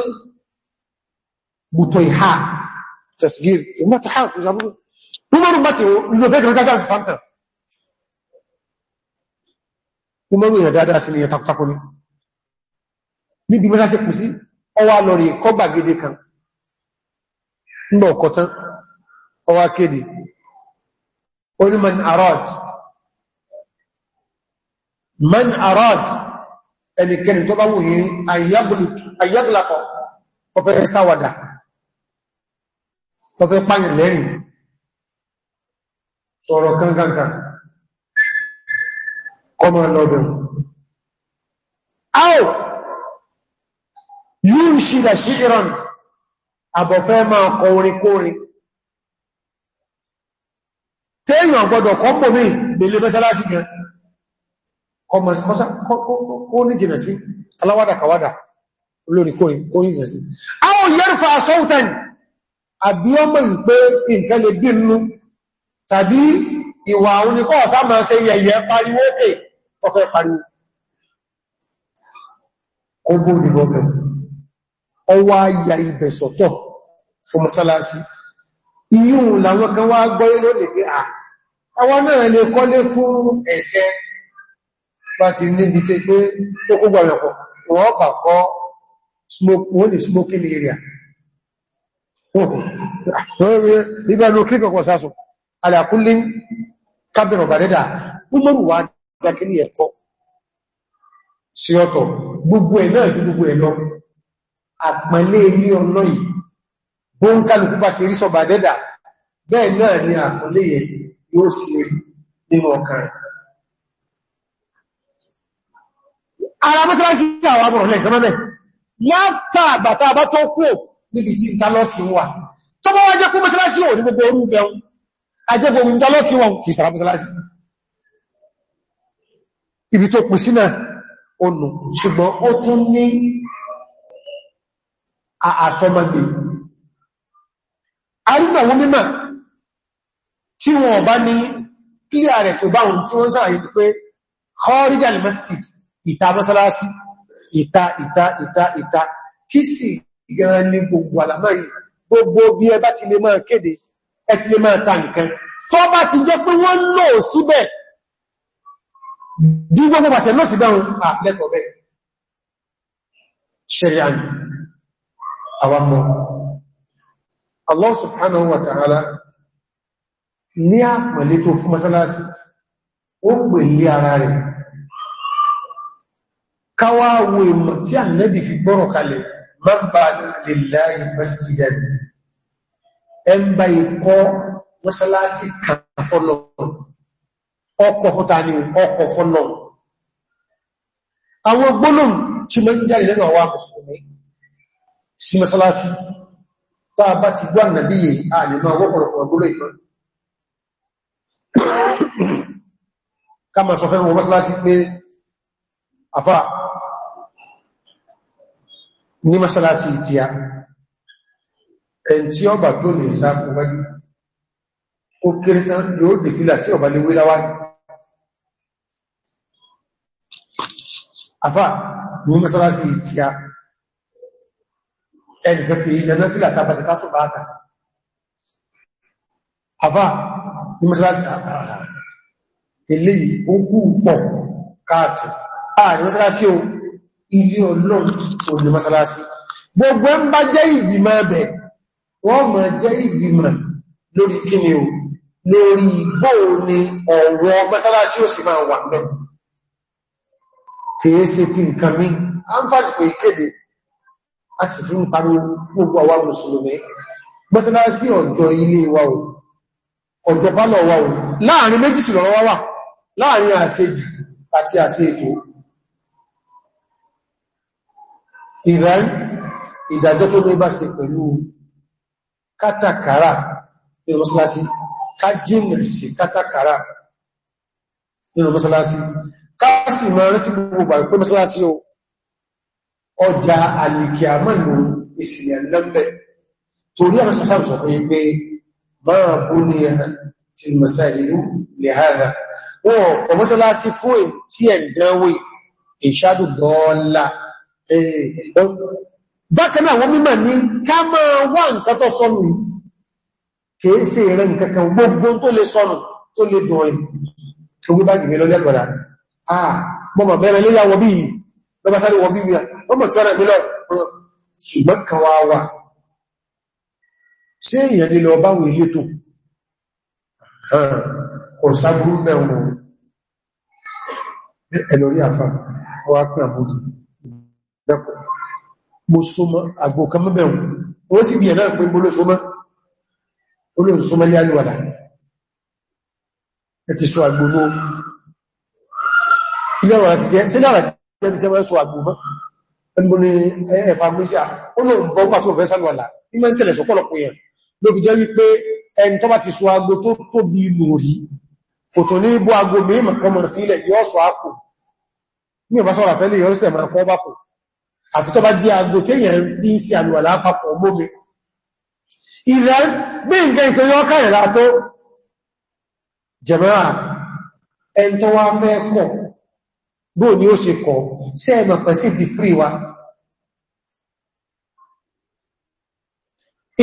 butoiha tasgir umma umar bati lo fe kan sa sa fanta umaru èèyàn dáadáa sí èèyàn takọtakọ ní níbi mẹ́sá sí kù sí ọwá lọ́rí kọ́ gbàgede kan ńlọ ọ̀kọ̀tán ọwá kéde oníman arad man arad ẹnikẹni tó bá wòye ayyábùlakọ̀ ọfẹ́ sáwàdà ọfẹ́ pààyàn lẹ́rìn sọ̀rọ̀ kankankan kọmọ lọ́bẹ̀rún áò yíò ń ṣílà sí ìran àbọ̀fẹ́ máa kọ orin kórin téèyàn gbọdọ̀ kọ́pọ̀ mí belé mẹ́sálásí gan kó ní jìnà sí aláwádàkàwádà lórin kórin kó ní jìnà sí áò yẹ́rùfà sọ́ọ̀tàn àbí ọmọ ìpé nǹkan lè bí nínú tàbí ìwà òun ni kọ́ ọ̀sá máa ṣe yẹ̀yẹ̀ pariwo òkè ọfẹ́ pariwo kó bó ní lọ́bẹ̀ ọwá ayà ibẹ̀ sọ̀tọ̀ fún mọ́sálásí iyún làwọn kan wá gbọ́ ilé lè pé à àwọn náà lè kọ́lé fún ẹ̀ṣẹ̀ bá ti níbi tẹ́ pé tó kó gbàmẹ̀kọ̀ wọ́n bà kọ́ wọ́n ni smoking area nígbà ló kíkọ̀kọ̀ sásùn alàkúlín kábẹ̀rọ̀ bàdẹ́dà Umaru wa dákí ní ẹ̀kọ́ sí ọ̀tọ̀ gbogbo ẹ̀ náà ju gbogbo ẹ̀ lọ àpẹẹlẹ́ ní ọ̀nà yìí bó ń kálùkú bá sí rí sọ bàdẹ́dà bẹ́ẹ̀ náà ni àpẹẹlẹ́ yẹ yóò sí rí nínú ọkàn rẹ̀ ara mọ́sálásí àwọn abọ̀rọ̀ lẹ́ ìtọ́mọ́bẹ̀ láftà bàtà bá tó kú níbi tí ìtàlọ́kì wà tọ́bọ́wọ́ jẹ́ kú ò ní gbogbo orú bẹ̀rún ajẹ́gbò oúnjẹ lọ́kí wọn kìí sàrà mọ́sálásí ibi tó pín sínà ọ̀nà ṣùgbọ́n ó tún ní àṣọ́mọ́gbé arúgbà wọn mímọ̀ tí wọn bá ní kílíà rẹ̀ tó báhùn tí wọ́n sára yìí pé horijan masjid ìta mọ́sálásí ìta ìta ìta ìta kí sì gan ní gbogbo àlàmọ́ yìí gbogbo bí ẹ bá ti lè máa kéde ẹ̀tì lè máa ta nǹkan tó bá ti jẹ́ pé wọ́n lò síbẹ̀ jí gbogbo pàṣẹ lọ sí dáhùn àlẹ́tọ̀ bẹ́ ṣẹ̀rẹ̀ àmì àwàmọ́ Allah subhanahu wa ta'ala ní àpẹẹlẹ́ tó fún masalasi ó pè ẹmbà ikọ́ mọ́sálásí kan fọ́lọ̀ ọkọ̀ fọ́ta ni ọkọ̀ fọ́lọ̀ àwọn gbónùn tí mọ́ jáde lẹ́nu àwọn mùsùlùmí sí mọ́sálásí tàà bá ti gbọ́ ànàbíyè ààrẹ̀mọ́ ọgbọ́pọ̀lọpọ̀ gbóló ìmọ̀ ká ma sọ fẹ́ wọ mọ́sálásí pé àfà ní mọ́sálásí ìtìyà ẹn tí ọba tó lè sá fún wájú ó kéré tán yóò dè fílà tí ọba lè wé láwá afá mú mẹ́sàrásì tí a ẹnìkan pè ìyànà fílà tàbà ti kásù báta afá mú mẹ́sàrásì eléyìí ó kú pọ̀ káàtù ààrin mẹ́sàrásì o ilé ọlọ́run ò ní mẹ́sàrásì gbogbo ń bá jẹ́ ìgbìmọ̀ ẹbẹ̀ẹ́ wọ́n mọ̀ jẹ́ ìgbìmọ̀ lórí kíni o lórí bó ni ọ̀rọ̀ mọ́sálásí ò sì máa wà mẹ́ kìí ṣe ti nǹkan mí a ń fásitì pé ìkéde a sì fi ń parí gbogbo àwa mùsùlùmí mọ́sálásí ọjọ́ ilé wa o ọjọ́ bálọ̀ wa o láàrin méjì sí lọ́rọ̀ wà láàrin àṣejù àti àṣejù ìrẹ́ ìdájọ́ tó ní bá ṣe pẹ̀lú kátàkárà nínú mọ́sálásí ká jìnà sí kátàkárà nínú mọ́sálásí ká sì máa rántí gbogbo àgbẹ̀ pé mọ́sálásí o ọjà àlìkì àmàlò ìsìnlẹ̀ lẹ́mẹ̀ torí àwọn sàṣàmùsọ̀ fún pé máa bú ní ti mọ̀sáìlú lè hàrá bákaná àwọn mímọ̀ ní ká máa wá nǹkan tó sọnù yìí kìí sí rẹ̀ nǹkankan gbogbo tó lè sọnù tó lè dùn ẹ̀ ogbé bá gbìmẹ̀ lọ lẹ́gbọ̀dá àà mọ́mọ̀ bẹ́rẹ̀ lé yàwó bí lọ́básáré wọ bí wíyà mọ́mọ̀ tí wọ́n rẹ̀ lọ ṣùgbọ́n kan wá wà ṣé èèyàn lè lọ báwo ilé tó ọ̀rọ̀sáburú mẹ́wọ̀n ẹ̀lọ́rí àfà wọ́n pín àbúrú dẹ́kọ̀ọ́ mo súnmọ́ àgbò kan mẹ́bẹ̀rún ó sì bí ẹ̀nà pé gbólósúnmọ́ olóòsúnmọ́ lé àríwàdà ẹ ti sọ àgbò náà ilẹ̀ ọ̀rọ̀ àti jẹ́ sí lára jẹ́bi tẹ́wọ́ sọ àgbò mọ́ ẹgbùn ni ẹ̀fà gbéṣà olóòrùn bọ́ Mi ìbá sọ́rọ̀ àfẹ́lẹ̀ yọ́ sẹ̀mọ̀ ẹ̀kọ́ bá kò àti tó bá jẹ́ agbó kéèyàn fi sí àlùwàlá papọ̀ mómi ìrẹ́ bí nǹkan ìsẹ̀ yọ́ káyẹ̀lá tó jẹ̀mọ́ra ẹn tó wá fẹ́ kọ̀ bó ni ó ṣe kọ̀ sí ẹ̀mọ̀ pẹ̀sí ti frí wa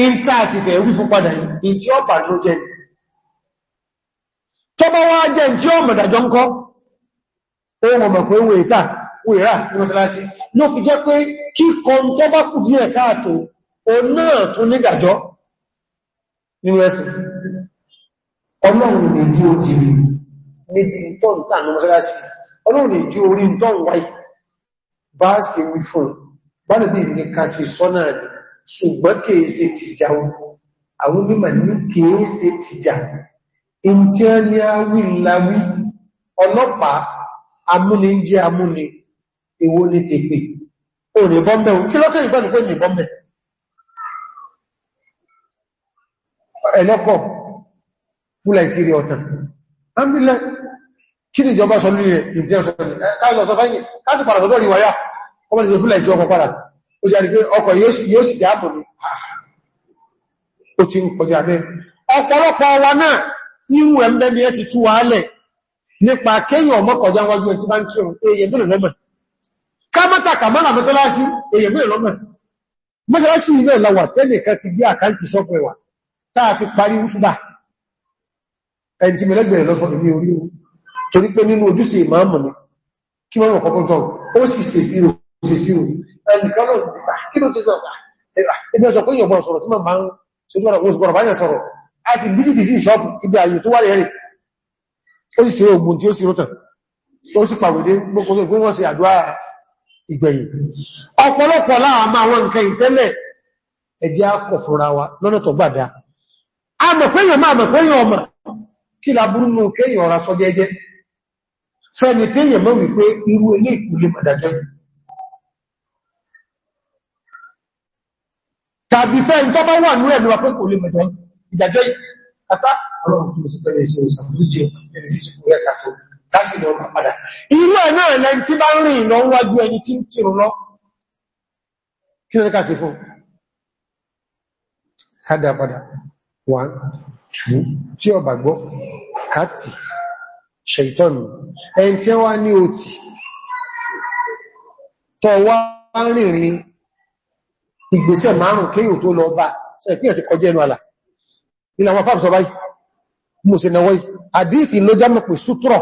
in táàsì fẹ̀ wí fún padà in tí ó bà ló jẹ́ tó bá wá jẹ́ tí ó mọ̀dàjọ́ ń kọ́ ohun ọmọ pé wèé tàà wèrà ní mọ́sálásí ló fi jẹ́ pé kíkọ tó bá kù díẹ̀ káàtò o náà tún nígbàjọ́ nínú ẹ̀sìn ọlọ́run lè jí o jìrì níbi tọ́ntà ní mọ́sálásí ọlọ́run lè jí orí tọ́nwáì bá ṣe wí fún bánàbí ní ká sì sọ́nà ní ṣùgbọ́n kìí ṣe tìjà ọlọ́pàá amúni jẹ́ amúni èwo ni tèpè o ní bọ́m̀bẹ̀ o kí lọ́kẹ́ ìgbẹ́lú pé ní bọ́m̀bẹ̀ ẹlọ́kọ̀ fúlà ìtìrí ọ̀tàn ámìlẹ̀ kí ni ìjọba sọ lórí rẹ̀ ìtì ẹ̀sọ̀ káàlọ̀ sọ fẹ́yìn káàsì padà sọ́dọ̀ ìwáyá ọmọ ìṣẹ́ fúlà ìjọba padà ó sì àrígbé ọkọ̀ yóò sì kámátàkà mọ́nà mọ́sálásí èyàn mẹ́rin lọ́nà mọ́sálásí ilẹ̀ lọ́wà tẹ́lẹ̀kẹ́ ti gbé àkáǹtì sọ́pọ̀ ẹ̀wà táà fi parí útúbà ẹni tí mẹ́lẹ́gbẹ̀rẹ̀ lọ́sọ èmi orí o torí pé nínú ojúṣe ìmáàmù ni kí wọ́n mọ̀ kọ́kọ́ tọ́ ó sì sèsìrò sèsìrò ẹnìkan lọ́nà ah, kí ló tẹ́ sọ́pọ̀ ẹgbẹ́ sọ pé ìyọ̀gbọ̀n sọ̀rọ̀ tí mọ̀ máa ń sojú ọ̀rọ̀ oṣù bọ̀rọ̀ bá yẹn sọ̀rọ̀ a sì bí sí bí sí ìṣọ́pù ìgbẹ̀yìn ọ̀pọ̀lọpọ̀ láàmà àwọn nǹkan ìtẹ́lẹ̀ ẹjẹ́ akọ̀ wa lọ́nà tó gbàdá a mọ̀pẹ́yàn máa mọ̀pẹ́yàn ọmọ kí labúrú kéyàn ọ̀rá sọ jẹ́jẹ́ fẹ́ni téyàn mọ́ wípé irú ilé ìkúlé mọ̀dájẹ́ kásì lọ bá padà. Irú ẹ̀ náà lẹ́n tí bá ń rìn lọ wájú ẹni tí ń kírun lọ. Kí lọ kásì fún? Kádà padà. Wọ́n, tù, tí ọ bà gbọ́, kàtì, ṣẹ̀tọ́nù, ẹni tí wá ní òtì, tọ wá rìnrìn ìgbésẹ̀ márùn-ún kéyò tó lọ bá, sẹ́ kí ẹ̀ ti kọjẹ́ ẹnu àlà. Ìlànà fáfisọ báyìí, mo sì náwọ́ yìí, àdífì ló jámọ̀ pè sútúrọ̀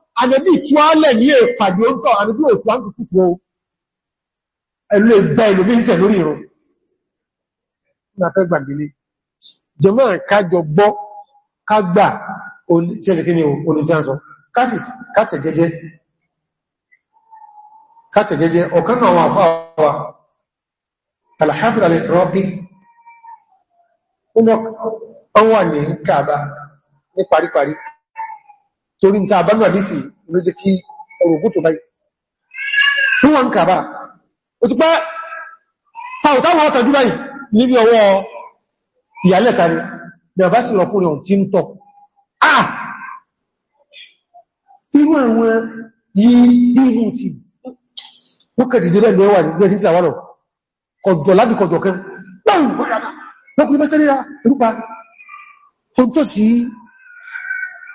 ànàbí túwálẹ̀ ní èpàdé oúntọ̀ ànàbí òtù á ń fi kútù ohun ẹ̀lú ẹgbẹ́ ìlòmí ìsẹ̀ lórí ìrùn nàfẹ́ gbàgbìlé jẹmọ́ kájọ gbọ́ kágbà onítíánsọ kátẹ̀jẹjẹ ọ̀kan náà wà fáwà alhafid al-rọ́bí ọwà ní kàbá ní paríparí torí ní àbánú àdífì ló jẹ́ kí ọ̀rọ̀gún tó báyìí tí wọ́n ń kàbá o ti pẹ́ tàùtàwọn ọ̀tàjú báyìí níbi ọwọ́ ìyálẹ̀ta ni bẹ̀rẹ̀ bá sì rọ̀kúnrin ọ̀n tí ń tọ̀ ah inú àwọn yìí inú ti ó kẹ̀dìdé lẹ́gbẹ̀ẹ́ wà ní gbẹ́sí àwọn kọ̀dọ̀ láti kọ̀dọ̀ kẹ́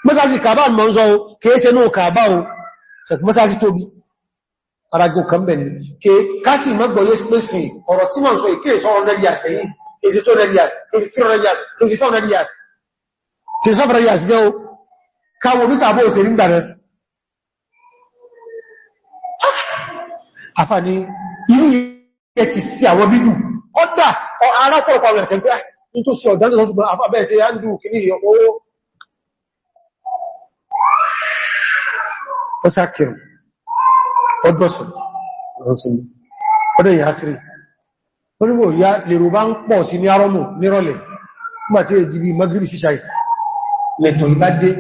mọ́sásí kàbá mọ́ ń sọ o kèése ní kàbá o mọ́sásí tóbi arago kan bẹ̀ ni ke kásì mọ́gbọ̀yé spacing ọ̀rọ̀ tí mọ́ ń sọ ìkéèsọ́ 100 years ẹ̀yìn èsì 200 years èsì 300 years èsì 400 years tí sọ́fẹ́rẹ́ yà sí jẹ́ o káwọ bí kàbọ̀ òsè ó sákìrù ọdọ́sùn ọ̀sùn ọdọ́ ìyásírì oníwò ya lèrò bá ń pọ̀ sí ní arọ́mù nírọ̀lẹ̀ nígbàtí èdè bí magiri ṣíṣàì lẹ̀tọ̀ ìbá dé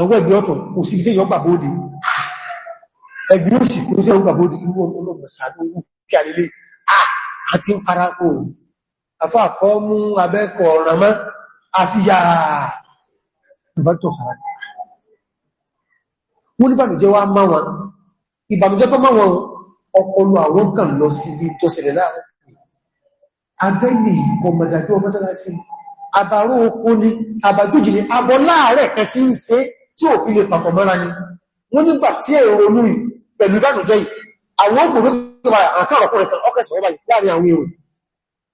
àwọn ẹgbẹ́ ọ̀tọ̀ kò sí ilé yọgbà bóòdì ẹgbẹ́ òṣì kò sí ọgbà bóòdì irú ọlọ́gbẹ̀sàdó wọ́n ní bàmìjẹ́ wá má wọn ìbàmìjẹ́ tó má wọn ọpọlọ àwọn kan lọ sí ibi tó ṣẹlẹ̀ láàrin abẹ́lì kọmọdàjọ́ mọ́sálásí àbáró oko ni àbájújì ni abọ́ láàrẹ̀ kan tí ń ṣe tí ò fi lè pàpọ̀ mọ́ra ni wọ́n nígbà tí èrò olú pẹ̀lú ìbánújẹ́ yìí àwọn ògbòrò àkàrọ̀kùnrin kan ọkẹsẹ̀ ọba láàrin àwọn èrò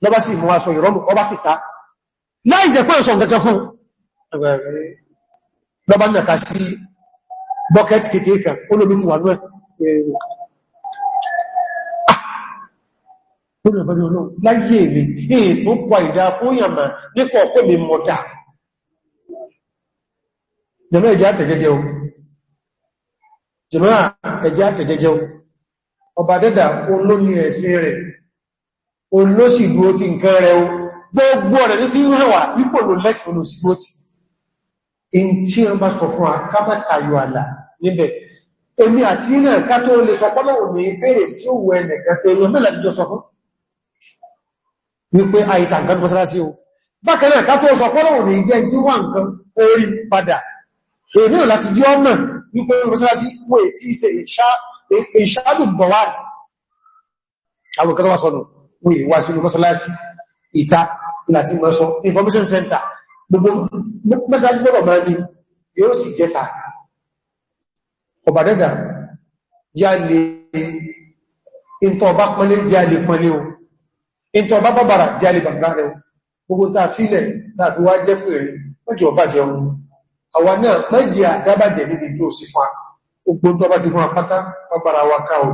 lọ́bá sí ìmọ̀ aṣọ ìrọ́mù ọba sì ká láì jẹ́ pẹ́ ìṣọ̀ gẹ́gẹ́ fún lọ́bá nìkan sí bọ́kẹ́tì kékeré kan olómi ti wà ní ah! láyé mi èyí tó pa ìdá fún ìyàmà ní kọ̀ọ̀kọ́ mi mọ̀dá jẹmọ́ ẹjẹ́ àtẹ̀jẹjẹ o jẹmọ́ ẹjẹ́ àtẹ̀jẹjẹ o ọba dẹ́dà olómi ẹ̀sìn rẹ̀ olóṣì dúró ti nǹkan rẹ̀ o gbogbo rẹ̀ ní fi ń hàn wá ipò lẹ́sìn olóṣì ti in tí wọ́n bá sọ fún akábẹ́ta yóò àlàá níbẹ̀ èmi àti iná ká tó lè sọpọ́lọ̀ òní fèrè sí òwò ẹnìkan tẹ èèyàn mẹ́lá jíjọ sọ fún wípé àìtà nǹkan mọ́sálásí o bákan náà ká tó sọpọ́lọ̀ òní jẹ́ tí wà nǹkan orí padà èmi ò láti jí ọmọ wípé mọ́sálásí wọ́n ètí ìṣẹ́ ìṣáàdù bọ̀wà àwọn ìkẹta wà sọ́nà wọ́n èyí wá sínú mọ́sálásí ìta láti mọ́sọ information center gbogbo mọ́sálásí bọ́rọ̀ máa ní yóò sì jẹta ọba dẹ́dà jáde ìntọba pọ́nlé jáde pọ́nlé o ìntọba bàbàrà jáde bàbàrà rẹ̀ gbogbo ta fílẹ̀ tàbí wá jẹ́ pé rẹ̀ mẹ́jì ọba jẹ ohun àwa náà mẹ́jì àdábàjẹ́ níbi tó sì fún ogbó tó bá sì fún apáta fagbára wa ká o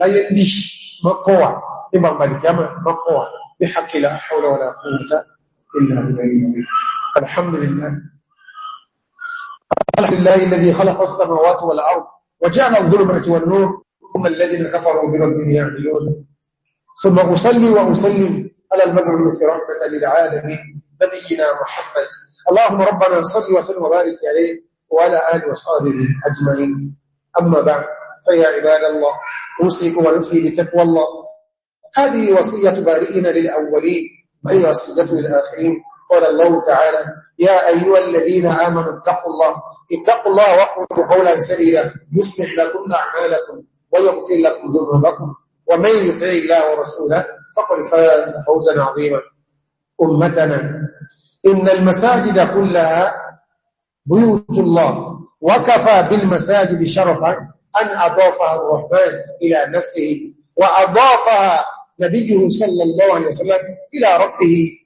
láyé bí mọ́kọ́wà ní bàbàdìkíámà mọ́kọ́wà ní hakila alhamdulillah الحمد لله الذي خلق السماوات والأرض وجعل الظلمات والنور هم الذين كفروا بربهم يعملون ثم أصلي وأسلم على المبعوث رحمة للعالمين نبينا محمد اللهم ربنا صل وسلم وبارك عليه وعلى آله وصحبه أجمعين أما بعد فيا عباد الله أوصيكم ونفسي بتقوى الله هذه وصية بارئنا للأولين وهي وصية للآخرين قال الله تعالى يا أيها الذين آمنوا اتقوا الله اتقوا الله وقولوا قولا سديدا يصلح لكم أعمالكم ويغفر لكم ذنوبكم ومن يطع الله ورسوله فقد فاز فوزا عظيما أمتنا إن المساجد كلها بيوت الله وكفى بالمساجد شرفا أن أضافها الرحمن إلى نفسه وأضافها نبيه صلى الله عليه وسلم إلى ربه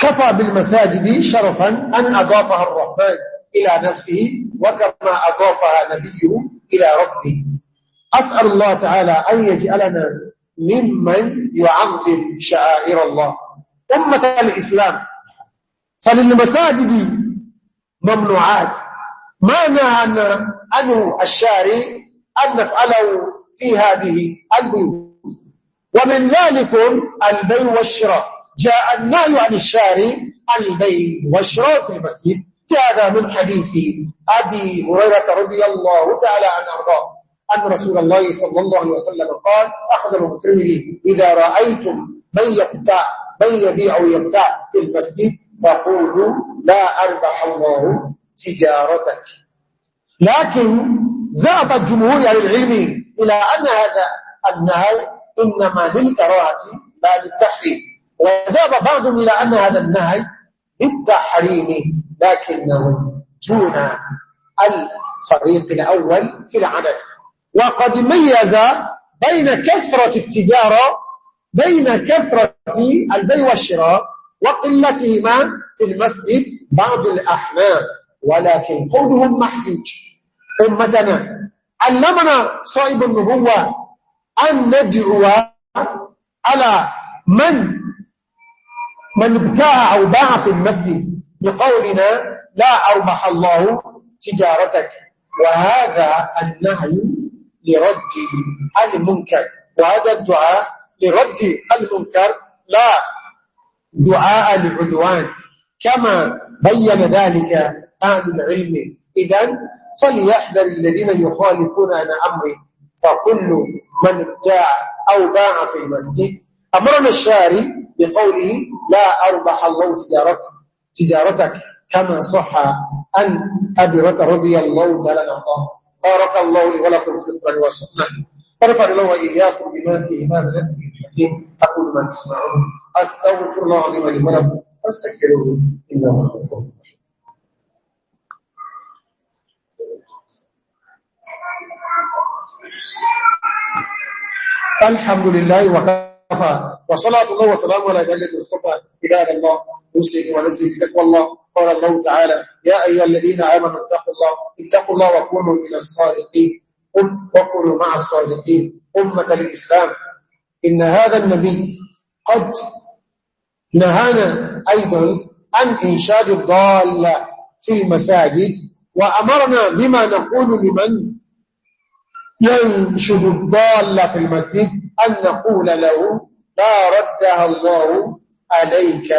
كفى بالمساجد شرفا أن أضافها الرحمن إلى نفسه وكما أضافها نبيه إلى ربه أسأل الله تعالى أن يجعلنا ممن يعظم شعائر الله أمة الإسلام فللمساجد ممنوعات ما نهانا عنه الشارع أن نفعله في هذه البيوت ومن ذلك البيع والشراء جاء النهي عن عن البيع والشراء في المسجد هذا من حديث أبي هريرة رضي الله تعالى عنه أرضاه أن رسول الله صلى الله عليه وسلم قال أخذ المترمذي إذا رأيتم من يبتع من يبيع ويبتع في المسجد فقولوا لا أربح الله تجارتك لكن ذهب الجمهور على العلم إلى أن هذا النهي إنما للكراهة لا للتحريم وذهب بعضهم إلى أن هذا النهي بالتحريم لكنه دون الفريق الأول في العدد وقد ميز بين كثرة التجارة بين كثرة البيع والشراء وقلتهما في المسجد بعض الأحناف ولكن قولهم محجوج أمتنا علمنا صاحب النبوة أن ندعو على من من ابتاع أو باع في المسجد بقولنا لا أربح الله تجارتك وهذا النهي لرد المنكر وهذا الدعاء لرد المنكر لا دعاء لعدوان كما بين ذلك أهل العلم إذا فليحذر الذين يخالفون عن أمره فكل من ابتاع أو باع في المسجد أمرنا الشاري بقوله لا أربح الله تجارتك, تجارتك كما صح أن أبي رضي الله تعالى عنه بارك الله لي ولكم في القرآن والسنة ورفعني الله وإياكم بما فيه ما من الحكيم أقول ما تسمعون أستغفر الله عظيم لي ولكم فاستغفروه إنه هو الحمد لله وكفى المصطفى وصلاة الله وسلامه على جل المصطفى عباد الله نفسي ونفسي بتقوى الله قال الله تعالى يا أيها الذين آمنوا اتقوا الله اتقوا الله وكونوا من الصادقين قم وكونوا مع الصادقين أمة الإسلام إن هذا النبي قد نهانا أيضا عن إنشاد الضال في المساجد وأمرنا بما نقول لمن ينشد الضال في المسجد أن نقول له لا ردها الله عليك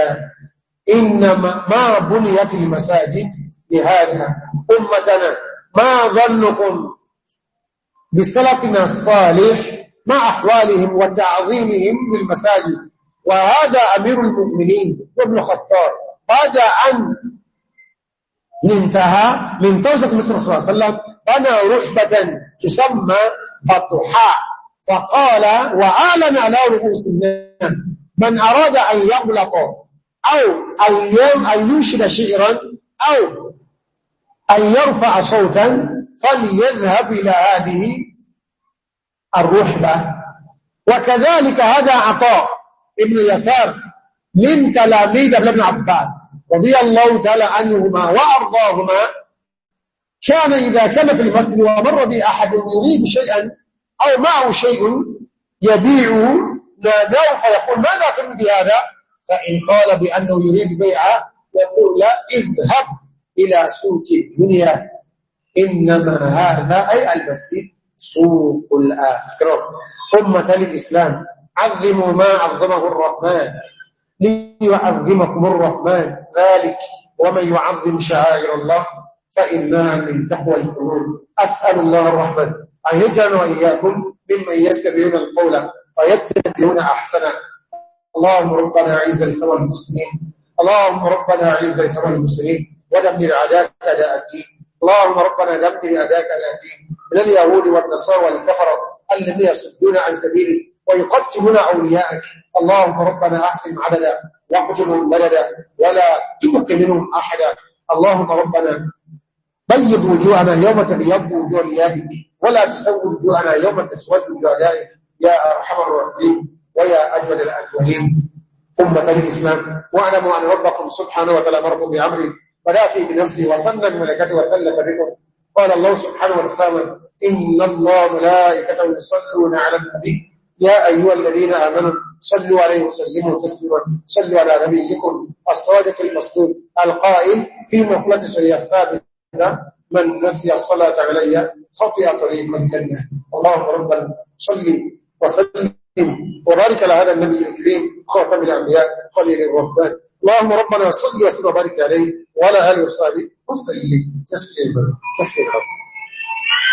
إنما ما بنيت المساجد لهذا أمتنا ما ظنكم بسلفنا الصالح مع أحوالهم وتعظيمهم للمساجد وهذا أمير المؤمنين وابن خطاب بعد أن ننتهى من توسط مصر صلى الله عليه وسلم بنى رحبة تسمى بطحاء فقال وأعلن على رؤوس الناس من أراد أن يغلق أو أن ينشد شعرا أو أن يرفع صوتا فليذهب إلى هذه الرحبة وكذلك هذا عطاء ابن يسار من تلاميذ ابن عباس رضي الله تعالى عنهما وأرضاهما كان إذا كان في المسجد ومر بأحد يريد شيئا أو معه شيء يبيعه ناداه نعم، فيقول ماذا تريد هذا فإن قال بأنه يريد بيعه يقول لا اذهب إلى سوق الدنيا إنما هذا أي المسجد سوق الآخرة أمة الإسلام عظموا ما عظمه الرحمن ليعظمكم الرحمن ذلك ومن يعظم شعائر الله فإنها من تحوى القلوب أسأل الله الرحمن أن وإياكم ممن يستبعون القول فيتبعون أحسن اللهم ربنا أعز لسوى المسلمين اللهم ربنا أعز لسوى المسلمين ودمر أعداءك أداء الدين اللهم ربنا دمر أعداءك أداء الدين من اليهود والنصارى والكفر الذين يصدون عن سبيل ويقتلون أولياءك اللهم ربنا أحسن عددا واقتلهم بلدا ولا تبق منهم أحدا اللهم ربنا بيض وجوهنا يوم تبيض وجوه اليائك ولا تسود وجوهنا يوم تسود وجوهنا يا أرحم الراحمين ويا اجل الاجلين أمة الإسلام واعلموا أن ربكم سبحانه وتعالى أمركم بأمره ونافي بنفسي وثنى الملكة وثلث بكم قال الله سبحانه وتعالى إن الله ملائكته يصلون على النبي يا أيها الذين آمنوا صلوا عليه وسلموا تسليما صلوا على نبيكم الصادق المصدوق القائم في مقلة سيئة ثابتة من نسي الصلاة علي خطئ طريق الجنة اللهم رب صل وسلم وبارك على هذا النبي الكريم خاتم الأنبياء خليل الربان اللهم ربنا صل وسلم وبارك عليه وعلى آله وصحبه وسلم تسليما كثيرا